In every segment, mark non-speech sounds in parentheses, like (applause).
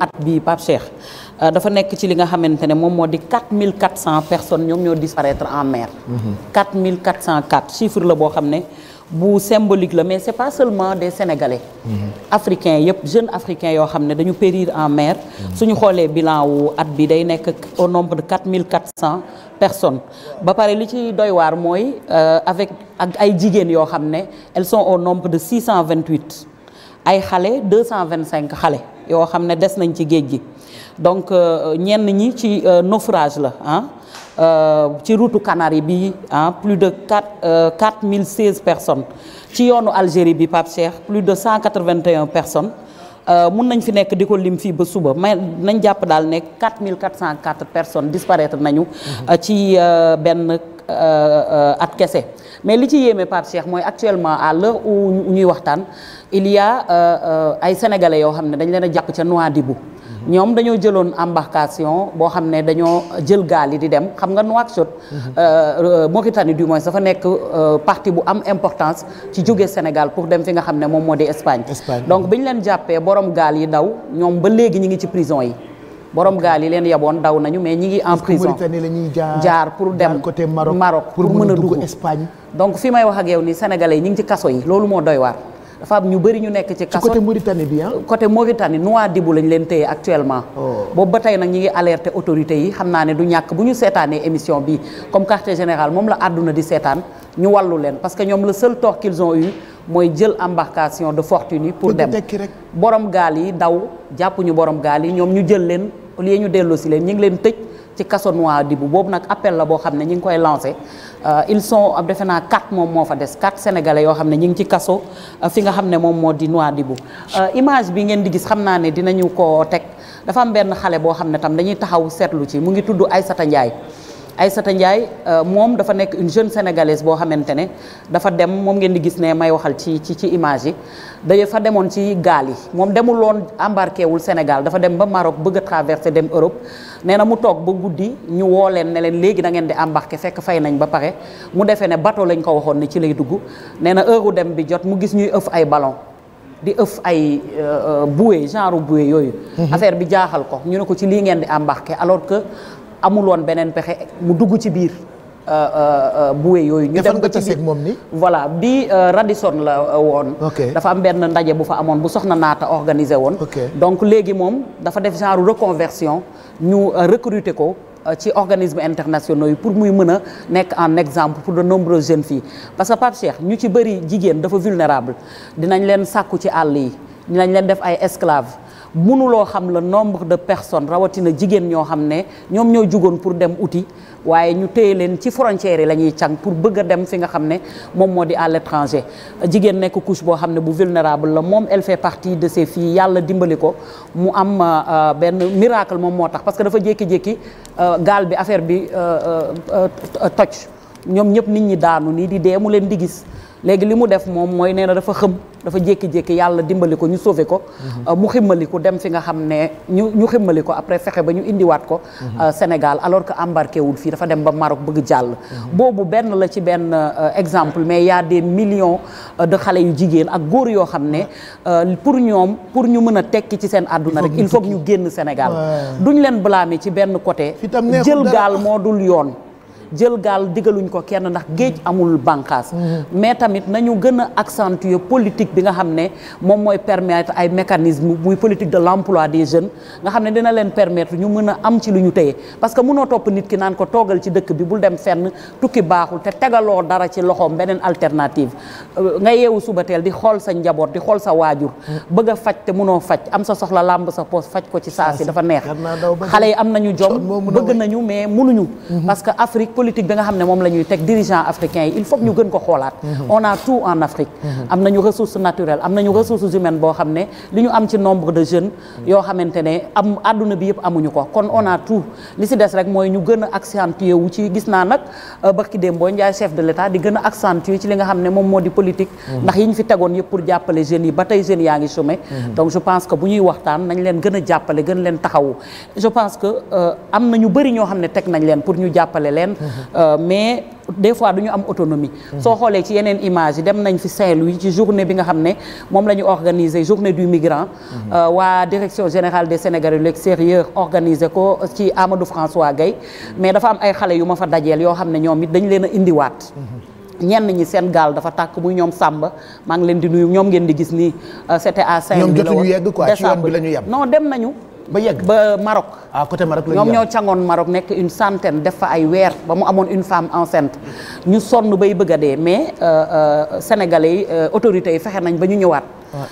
at bii Pape Cheikh euh, dafa nekk ci li nga xamante ne moom moo di 4400 personnes ñoom ñoo disparaître en mer. 4404 chiffre la boo xam ne bu symbolique la mais c'est pas seulement des sénégalais. africains yëpp jeunes africain yoo xam ne dañu périr en mer. suñu xoolee bilan wu at bi day nekk au nombre de 4400 personnes ba pare li ci doy waar mooy euh, avec ak ay jigéen yoo xam ne elles sont au nombre de 628. ay xale 225 xale yoo xam ne des nañ ci géej gi donc euh, ñenn ñi ci euh, naufrage la ah ci route Canaries bi ah plus de 4 4016 personnes ci yoonu Algérie bi Pape Cheikh plus de 181 personnes mun nañ fi nekk di ko lim fii ba suba may nañ jàpp daal ne 4404 personnes disparaître nañu mhm. ci benn Euh, euh, at kese mais li ci yéeme Pape Cheikh mooy actuellement à l'heure ñuy waxtaan il y euh, ay sénégalais yoo xam ne dañ leen a jàpp ca bu mhm. ñoom dañoo jëloon embarcation boo xam ne dañoo jël gaal yi di dem xam nga Nouakchott mhm. Mauritanie du moins safa nekk parti bu am importance ci jóge mhm. Sénégal pour dem fi nga xam ne moom moo di Espagne donc bi ñu leen jàppee borom gaal yi daw ñoom ba léegi ñi ngi ci prison yi borom gaal yi leen yaboon daw nañu mais ñi ngi en prison Mauritanie la ñuy jaar jaar pour dem côté Maroc pour mën a dugg Espagne donc fi may wax a yow ni sénégalais yi ñu ngi ci kaso yi loolu moo doy waar dafa am ñu bëri ñu nekk ci kaso côté Mauritanie bi ah côté Mauritanie Nouadhibou lañ leen téye actuellement oh. boobu ba tey nag ñi ngi alerté autorités yi xam naa ne du ñàkk bu ñu seetaanee émission bi comme quartier général moom la àdduna di seetaan ñu wàllu leen parce que ñoom la seul tort qu'ils ont mooy jël embarcation de fortune pour dem borom gaal yi daw jàpp ñu borom gaal yi ñoom ñu jël leen au lieu ñu delloo si leen ñu ngi leen tëj ci kaso Nouadhibou boobu nag appel la boo xam ne ñu ngi koy lancé il son ab defe naa quatre moom moo fa des quatre sénégalais yoo xam ne ñu ngi ci kaso euh, fi nga xam ne moom moo di Nouadhibou euh, image bi ngeen di gis xam naa ne dina dinañu ko teg dafa am benn xale boo xam ne tam dañuy taxaw seetlu ci mu ngi tudd Aïssata Ndiaye Aïssata Ndiaye euh, moom dafa nekk une jeune sénégalaise boo xamante ne dafa dem moom ngeen di gis ne may waxal ci ci ci image yi fa demoon ci gaal yi moom demul woon embarqué wul Sénégal dafa dem ba Maroc bëgg a dem Europe nee na mu toog ba guddi ñu woo leen ne leen léegi da ngeen di embarqué fekk fay nañ ba pare mu defee ne bateau lañ ko waxoon ni ci lay dugg nee na heure dem bi jot mu gis ñuy ëf ay ballon di ëf ay euh, euh, bouée genre bouée yooyu mhm. affaire bi jaaxal ko ñu ne ci lii ngeen di embarqué alors amuloon beneen pexe mu dugg ci biir euh, euh, euh, buwe yooyu ñu dem ba ci biir moom ni voilà bi Radisson la woon dafa am benn ndaje bu fa amoon bu soxna naata organiser woon donc léegi moom dafa def genre reconversion ñu recruter ko ci organisme internationaux yi pour muy mën a nekk en exemple pour de nombreuses jeunes fii parce que Pape Cheikh ñu ci bëri jigéen dafa vulnérable dinañ leen sàkku ci àll yi dinañ leen def ay esclave mënuloo xam la nombre de personne rawatina jigéen ñoo xam ne ñoom ñoo jugoon pour dem uti waaye ñu téye leen ci frontières yi la ñuy càng pour bëgg a dem fi nga xam ne moom moo di à l'étranger jigéen nekk couche boo xam ne bu vulnérable la moom elle fait partie de ces filles yàlla dimbali ko mu am euh, benn miracle moom moo tax parce que dafa jékki-jékki euh, gaal bi affaire bi euh, toj ñoom ñëpp nit ñi daanu nii di dee mu leen di gis léegi li mu def moom mooy nee na dafa xëm dafa jékki-jékki yàlla dimbali ko ñu sauvé ko mhm. euh, mu ximmali ko dem fi nga xam ne ñu ñu ximmali ko après fexe ba ñu indiwaat ko mhm. euh, Sénégal alors que embarqué wul fii dafa dem ba Maroc bëgg jàll mhm. boobu benn la ci benn euh, exemple mais yaa a million millions de xale yu jigéen ak góor yoo xam ne pour ñoom pour ñu mën a tekki ci seen àdduna rek il faut ñu génn Sénégal du ñu leen blâmer ci benn côté jël gaal moo dul yoon jël gaal digaluñ ko kenn ndax géej amul bànqaas mm-hmm. mais tamit nañu gën a accentuer politique bi nga xam ne moom mooy permettre ay mécanisme muy politique de l'emploi des jeunes nga xam ne dina leen permettre ñu mën a am ci lu ñu téye parce que mënoo topp nit ki naan ko toogal ci dëkk bi bul dem fenn tukki baaxul te tegaloo dara ci loxoom beneen alternative euh, nga yeewu suba teel di xool sa njaboot di xool sa waajur mm-hmm. bëgg a faj te mënoo faj am sa soxla làmb sa poos faj ko ci saa si dafa neex xale yi am nañu jom nañu mais mënuñu mm-hmm. politique xam ne moom la teg dirigeant africain yi il faut ñu gën ko xoolaat mm-hmm. on a tout en Afrique mm-hmm. am nañu ressources naturelles am nañu ressources humaines boo xam ne li ñu am ci nombre de jeunes mm-hmm. yoo xamante ne am àdduna bi yëpp amuñu ko kon on a tout li si des rek mooy ñu gën a wu ci gis naa nag euh, barki Dembo Ndiaye chef de l'État di gën a ci li nga xam ne moom moo di politique ndax yi ñu fi tegoon yëpp pour jàppale jeunes yi ba tey jeunes Euh, mais des fois du ñu am autonomie. Mhm. soo xoolee ci yeneen image yi dem nañ fi Saint-Louis ci journée bi nga xam ne moom la ñu organiser journée du migrant. Mhm. Euh, waa direction générale des Sénégalais de l'extérieur organiser ko ci Amadou François gay mhm. mais dafa am ay xale yu ma fa dajeel yoo xam ne ñoom it dañ leen a indiwaat. ñenn ñi seen gaal dafa tàkk muy ñoom sàmba maa ngi leen di nuyu ñoom ngeen di gis nii euh, c'était à Saint-Louis yegg quoi ci bi la ñu yem non dem nañu. ba yegg ba Maroc. ah côté Maroc la ñoom ñoo cangoon Maroc nekk une centaine def fa ay weer ba mu amoon une femme enceinte. ñu sonn bay bëgg a dee mais euh, euh, sénégalais yi euh, autorités yi fexe nañ ba ñu ñëwaat.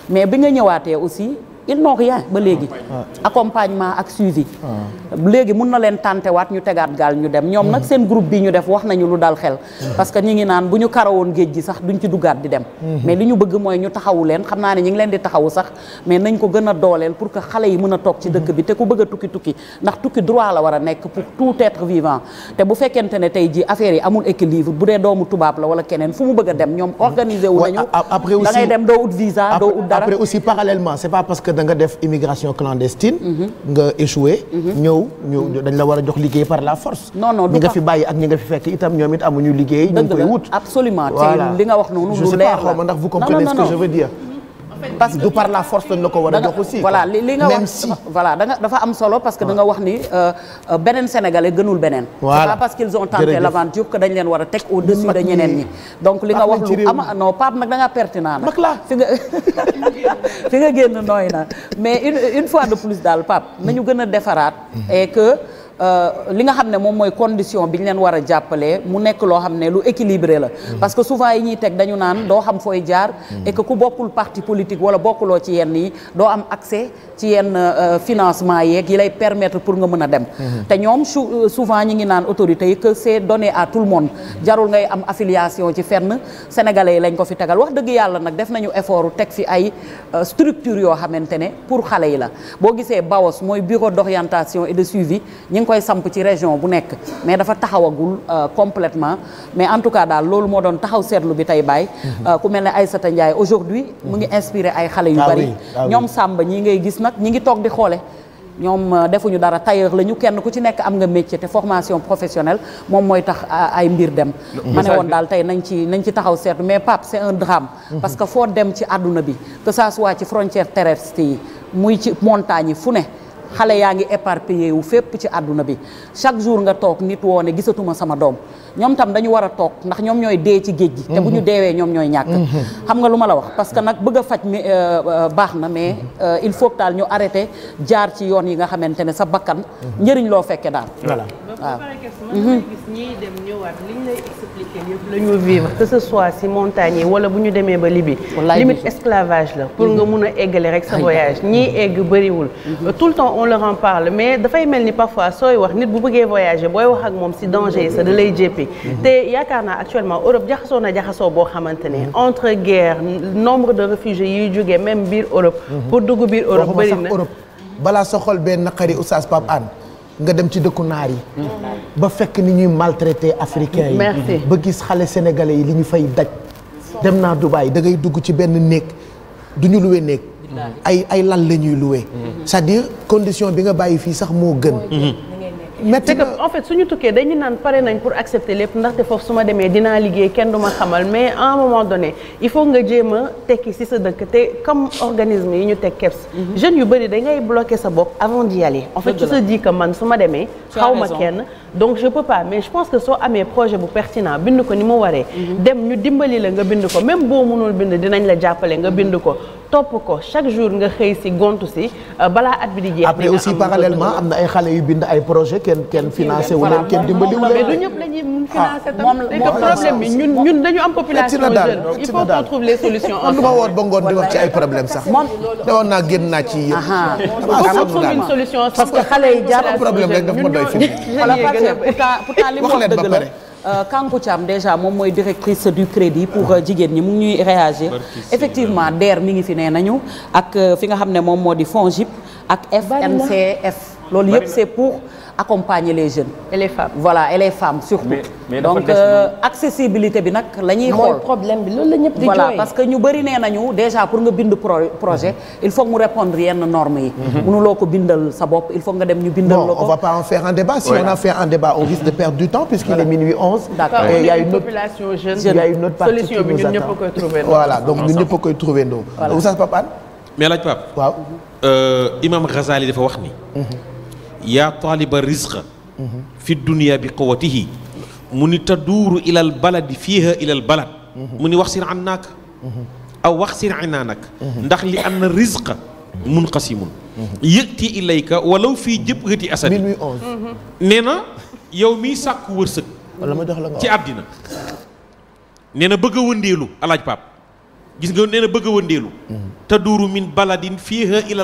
mais bi nga ñëwaatee aussi. ils n'ont rien ba léegi ah. Ah. accompagnement ak suivi ah. léegi mun na leen tàntewaat ñu tegaat gaal ñu dem ñoom nag mm. seen groupe bi ñu def wax nañu lu dal xel mm. parce que ñi ngi naan bu ñu karawoon géej gi sax duñ ci duggaat di dem mm-hmm. mais li ñu bëgg mooy ñu taxawu leen xam naa ne ñi ngi leen di taxawu sax mais nañ ko gën a dooleel pour que xale yi mën a toog ci dëkk mm-hmm. bi te ku bëgg a tukki tukki ndax tukki droit la war a nekk tout être vivant te bu fekkente ne tey ji affaire yi amul équilibre bu dee doomu tubaab a danga def immigration clandestine. Mhm. nga échoué. Mhm. ñëw ñu dañ la war a jox liggéey par la force. non non ñi nga fi fekk itam ñoom it amuñu liggéey. ñu ngi koy wut absolument. nga wax je sais pas xaw ndax vous comprenez ce que je veux dire. parce que du par la force lañ la ko war a jox aussi voilà li nga wax voilà da dafa am solo parce que da wax ni euh, euh, beneen sénégalais gënul beneen c'est pas dañ leen war a teg au dessus de ñeneen ñi donc li nga wax lu ama non Pape nag da ngaa nag (laughs) fi nga génn nooy na mais une fois de plus daal Pape nañu gën defaraat mhm. et que Euh, li nga xam ne moom mooy condition bi ñu leen war a jàppale mu nekk loo xam ne lu équilibré la. Mm-hmm. parce que souvent yi ñuy teg dañu naan doo xam fooy jaar. Mm-hmm. et que ku bokkul parti politique wala bokkuloo ci yenn yi doo am accès ci yenn euh, financement yeeg yi lay permettre pour nga mën a dem. Mm-hmm. te ñoom euh, souvent ñi ngi naan autorité yi que c'est donné à tout le monde jarul ngay am affiliation ci fenn sénégalais yi lañ ko fi tegal wax dëgg yàlla nag def nañu effort teg fi ay structures yoo xamante ne pour xale yi la boo gisee BAOS mooy bureau d'orientation et de ngi koy samp ci région bu nekk mais dafa taxawagul euh, complètement mais en tout cas daal loolu moo doon taxaw seetlu bi tey baay mhm. euh, ku mel ne Aïssata Ndiaye aujourd'hui mu ngi mhm. inspiré ay xale yu ah bari ah ñoom Samba ñi ngay gis nag ñi ngi toog di xoole ñoom euh, defuñu dara tailleur la ñu kenn ku ci nekk am nga métier te formation professionnelle moom mooy tax ay mbir dem ma ne woon daal tey nañ ci nañ ci taxaw seetlu mais Pape c'est un drame mhm. parce que foo dem ci àdduna bi que ça soit ci frontière yi muy xale yaa ngi éparpillé wu fépp ci àdduna bi chaque jour nga toog nit woo ne gisatuma sama doom ñoom tam dañu war a toog ndax ñoom ñooy dee ci géej gi te bu ñu mhm. deewee ñoom ñooy ñàkk mhm. xam nga lu ma la wax parce que nag bëgg a faj euh, euh, baax na mais mhm. euh, il faut daal ñu arrêté jaar ci yoon yi nga xamante ne sa bakkan njëriñ loo fekke daal voilà waaw gis ñiy soit si montagne yi wala bu ñu demee ba Libye limite esclavage la pour nga mun a eggale rek sa voyage ñiy egg bëriwul on leur mais dafay mel ni parfois sooy wax nit bu bëggee voyager booy wax ak moom si danger sa da lay jéppi te yaakaar naa actuellement Europe jaxasoo na jaxasoo boo xamante ne entre guerre nombre de réfugiés yuy jógee même biir Europe pour dugg biir Europe bëri na Europe balaa sa xol benn naqari oustaz Pape Anne nga dem ci dëkku naar yi ba fekk ni ñuy maltraité africains yi merci ba gis xale sénégalais yi li ñu fay daj dem naa Dubaï da ngay dugg ci benn néeg du ñu luwe ay ay lal la ñuy loué. Mm-hmm. c'est-à-dire condition bi nga bàyyi fii sax moo gën. métti mm-hmm. mm-hmm. que en fait suñu tukkee dañu naan pare nañ pour accepter lépp ndaxte foofu su ma demee dinaa liggéey kenn du ma xamal mais à un moment donné il faut nga jéem a tekki ci sa dëkk te comme organisme yi ñu teg keps jeunes yu bëri da ngay bloquer sa bopp avant d'y aller en fait tu te dis man su ma demee xaw ma kenn donc je peux pas mais je que soo amee projet bu pertinent bind ko ni mu waree dem ñu dimbali la nga bind ko même boo mënul bind dinañ la jàppale nga bind ko topp ko chaque jour nga xëy si gontu si euh, balaa at bi di jeex. après aussi parallèlement am na ay xale yu bind ay projet kenn kenn financé wu leen kenn dimbali wu leen. mais du ñëpp la ñuy mun ah, financé tam problème ñun ñun dañu am population jeune il faut qu'on trouve les solutions. man du ma woot ba ngoon di wax ci ay problème sax. moom demoon naa génn naa ci yéen. une solution parce que xale yi jàpp problème rek daf ma doy fi. (laughs) pourtant li mu wax dëgg la Euh, Kankou Thiam déjà moom mooy directrice du crédit pour euh, jigéen ñi mu ngi ñuy réagir effectivement DER mi ngi fi nee nañu ak euh, fi nga xam ne moom moo di FONGIP ak FNCF loolu yëpp c'est pour accompagner les jeunes. et les voilà et les femmes surtout. Mais, mais donc euh, accessibilité bi nag la ñuy xool problème bi loolu la ñëpp di voilà parce que ñu bëri nee nañu déjà pour nga bind projet il faut mu répondre yenn normes yi. Mhm. mënuloo ko bindal sa bopp il faut nga dem ñu bindal. la ko on va pas en faire un débat si on en fait un débat on risque de perdre du temps puisqu'il est minuit onze. d'accord il a une population jeune. il a une autre partie qui nous attend voilà donc ñun ñëpp a koy trouver ndoo. voilà Oustaz mais laaj Pape. waaw euh, imam yaa taaliba rizqa fi dunia bi quwatihi mu ni taduuru ilal baladi fiiha ilal balad mu ni wax sin an naaka aw wax sin inaanak ndax li am na rizqa munqasimun yëgti ilayka walaw fii jëbgati asadi nee na yow mi sàkku wërsëg ci àddina nee na bëgg a wëndeelu alaaj pap gis nga nee na bëgg a wëndeelu mm-hmm. min baladin fiiha ilal